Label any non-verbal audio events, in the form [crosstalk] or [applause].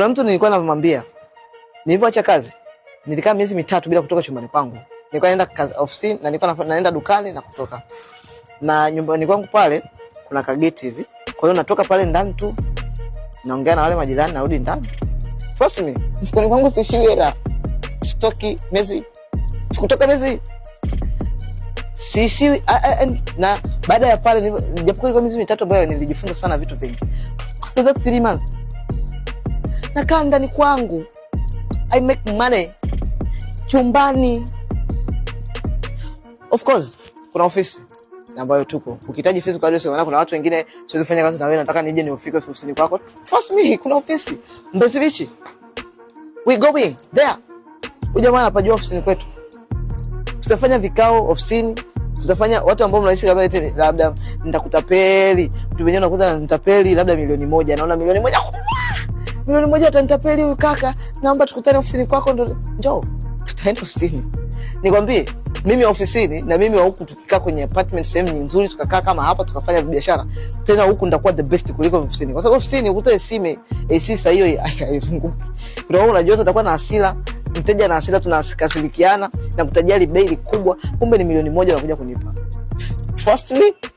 Kuna mtu nilikuwa namwambia, nilivyoacha kazi nilikaa miezi mitatu bila kutoka chumbani kwangu. Nilikuwa naenda ofisini na nilikuwa naenda dukani na kutoka, na nyumbani kwangu pale kuna kageti hivi, kwa hiyo natoka pale ndani tu naongea na wale majirani, narudi ndani. Trust me, mfukoni kwangu sishiwi hela, sitoki miezi, sikutoka miezi sishiwi Na baada ya pale, japokuwa ilikuwa miezi mitatu ambayo nilijifunza sana vitu vingi, after that three months nakaa ndani kwangu, I make money chumbani. Of course kuna ofisi ambayo tupo, ukihitaji physical address, maana kuna watu wengine siwezi kufanya kazi na wewe, nataka nije nifike ofisini kwako, trust me, kuna ofisi Mbezi Beach, we going there. Ujamaa anapajua ofisini kwetu, tutafanya vikao ofisini tutafanya watu ambao mnahisi kama labda nitakutapeli mtu mwenyewe, unakuta nitapeli labda milioni moja, naona milioni moja kubwa milioni moja atanitapeli huyu kaka, naomba tukutane ofisini kwako. Ndo njoo tutaenda ofisini, nikwambie mimi ofisini na mimi wa huku tukikaa kwenye apartment sehemu nzuri, tukakaa kama hapa tukafanya biashara tena, huku ndakuwa the best kuliko ofisini, kwa sababu ofisini ukuta esime esisa eh, hiyo [laughs] haizunguki. Kuna wewe unajua utakuwa na hasira, mteja na hasira, tunakasirikiana na kutajali bei kubwa, kumbe ni milioni moja unakuja kunipa. Trust me